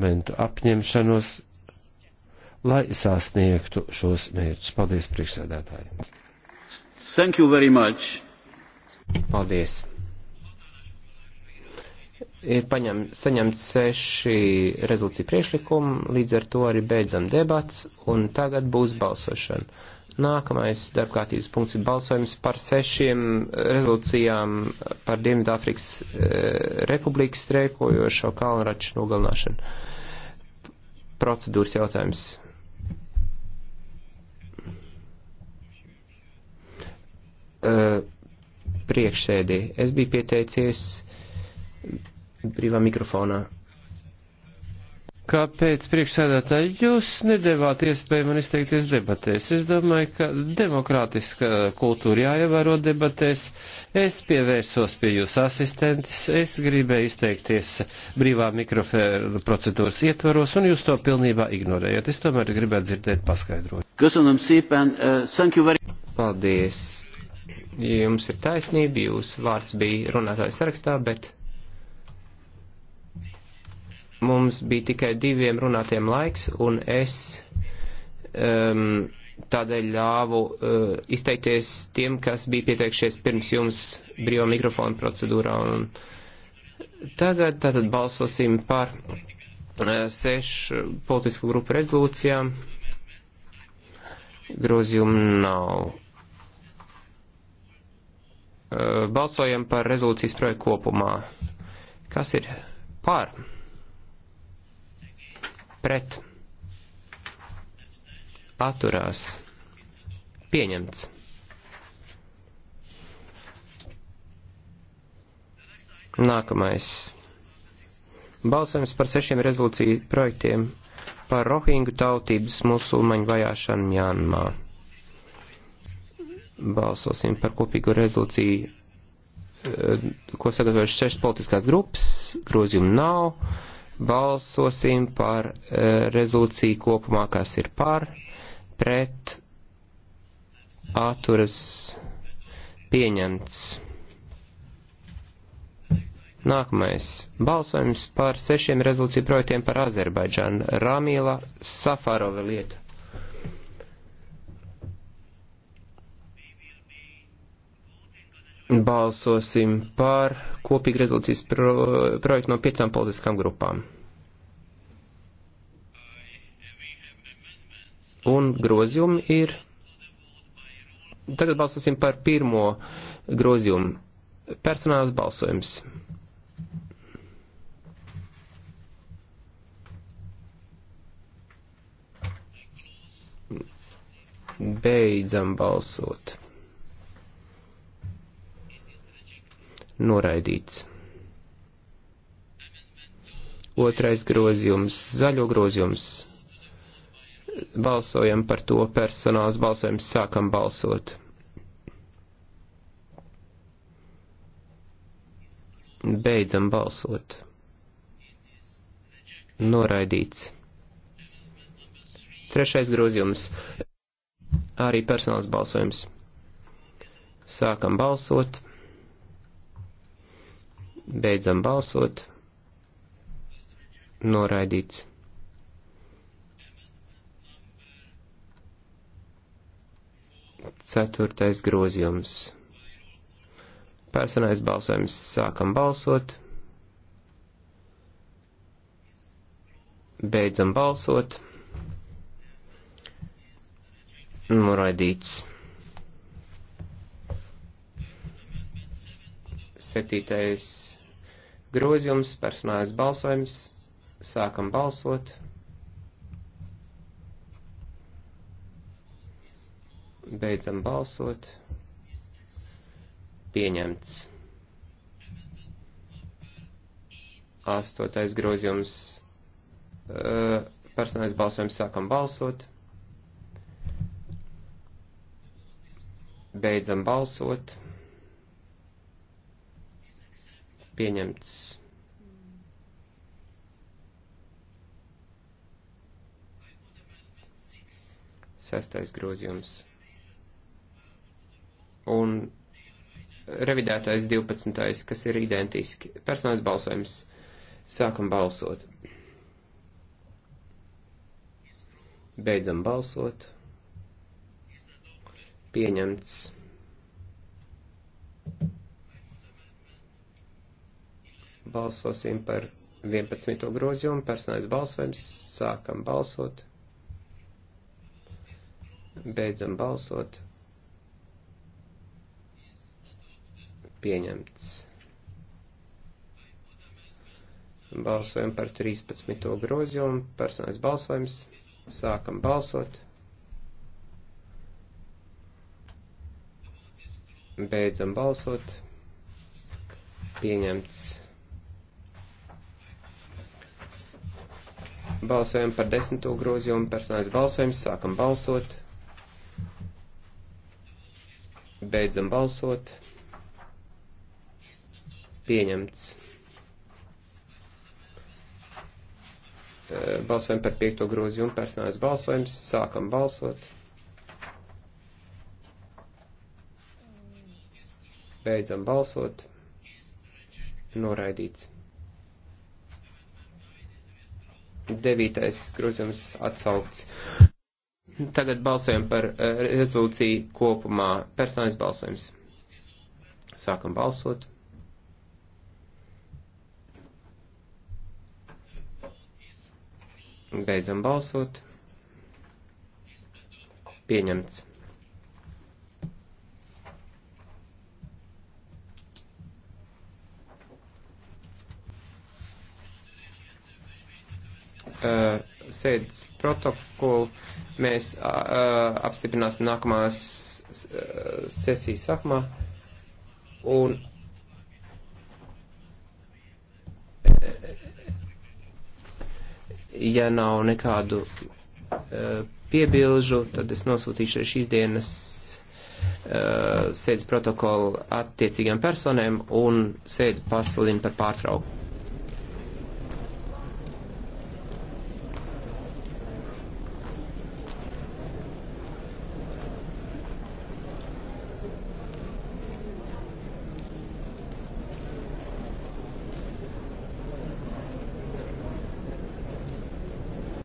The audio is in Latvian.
parlamentu apņemšanos, lai sasniegtu šos mērķus. Paldies, priekšsēdētāji! Thank you very much! Paldies! ir paņem, saņemts seši rezolūcija priekšlikumi, līdz ar to arī beidzam debats, un tagad būs balsošana. Nākamais darbkārtības punkts ir balsojums par sešiem rezolūcijām par Dienvidāfrikas e, republikas streikojošo kalnraču nogalināšanu. Procedūras jautājums. E, Priekšsēdī. Es biju pieteicies brīvā mikrofonā kāpēc priekšsēdētāji jūs nedēvāt iespēju man izteikties debatēs. Es domāju, ka demokrātiska kultūra jāievēro debatēs. Es pievērsos pie jūsu asistentes, es gribēju izteikties brīvā mikrofēra procedūras ietvaros, un jūs to pilnībā ignorējat. Es tomēr gribētu dzirdēt paskaidrojumu. Eh, Paldies. Jums ir taisnība, jūsu vārds bija runātājs sarakstā, bet Mums bija tikai diviem runātiem laiks, un es um, tādēļ ļāvu uh, izteikties tiem, kas bija pieteikšies pirms jums brīvā mikrofona procedūrā. Un tagad tātad balsosim par uh, sešu politisku grupu rezolūcijām. Grozījumu nav. Uh, balsojam par rezolūcijas projektu kopumā. Kas ir par? pret, atturās, pieņemts. Nākamais. Balsojums par sešiem rezolūciju projektiem par rohingu tautības musulmaņu vajāšanu Mjanmā. Balsosim par kopīgu rezolūciju, eh, ko sagatavojuši sešas politiskās grupas, grozījumu nav. Balsosim par eh, rezolūciju kopumā, kas ir par, pret, atturas pieņemts. Nākamais balsojums par sešiem rezolūciju projektiem par Azerbaidžānu Ramīla Safarova lietu. balsosim par kopīgu rezolūcijas pro, projektu no piecām politiskām grupām. Un grozījumi ir. Tagad balsosim par pirmo grozījumu. Personāls balsojums. Beidzam balsot. noraidīts. Otrais grozījums, zaļo grozījums. Balsojam par to personāls, balsojam, sākam balsot. Beidzam balsot. Noraidīts. Trešais grozījums. Arī personāls balsojums. Sākam balsot. Beidzam balsot. Noraidīts. Ceturtais grozījums. Personais balsojums. Sākam balsot. Beidzam balsot. Noraidīts. Septītais Grozījums, personālais balsojums, sākam balsot. Beidzam balsot. Pieņemts. Astotais grozījums. Uh, personālais balsojums sākam balsot. Beidzam balsot. pieņemts. Sestais grozījums. Un revidētais 12. kas ir identiski. Personāls balsojums. Sākam balsot. Beidzam balsot. Pieņemts. Thank you. Balsosim par 11. grozījumu, personālais balsojums, sākam balsot, beidzam balsot, pieņemts. Balsojam par 13. grozījumu, personālais balsojums, sākam balsot, beidzam balsot, pieņemts. Balsojam par desmito grozījumu, personālais balsojums, sākam balsot. Beidzam balsot. Pieņemts. Eh, balsojam par piekto grozījumu, personālais balsojums, sākam balsot. Beidzam balsot. Noraidīts. devītais grozījums atsaukts. Tagad balsojam par eh, rezolūciju kopumā. Personālais balsojums. Sākam balsot. Beidzam balsot. Pieņemts. uh, sēdes protokolu mēs uh, uh apstiprināsim nākamās uh, sesijas sākumā. Un uh, ja nav nekādu uh, piebilžu, tad es nosūtīšu šīs dienas uh, sēdes protokolu attiecīgiem personēm un sēdi pasludinu par pārtraukumu.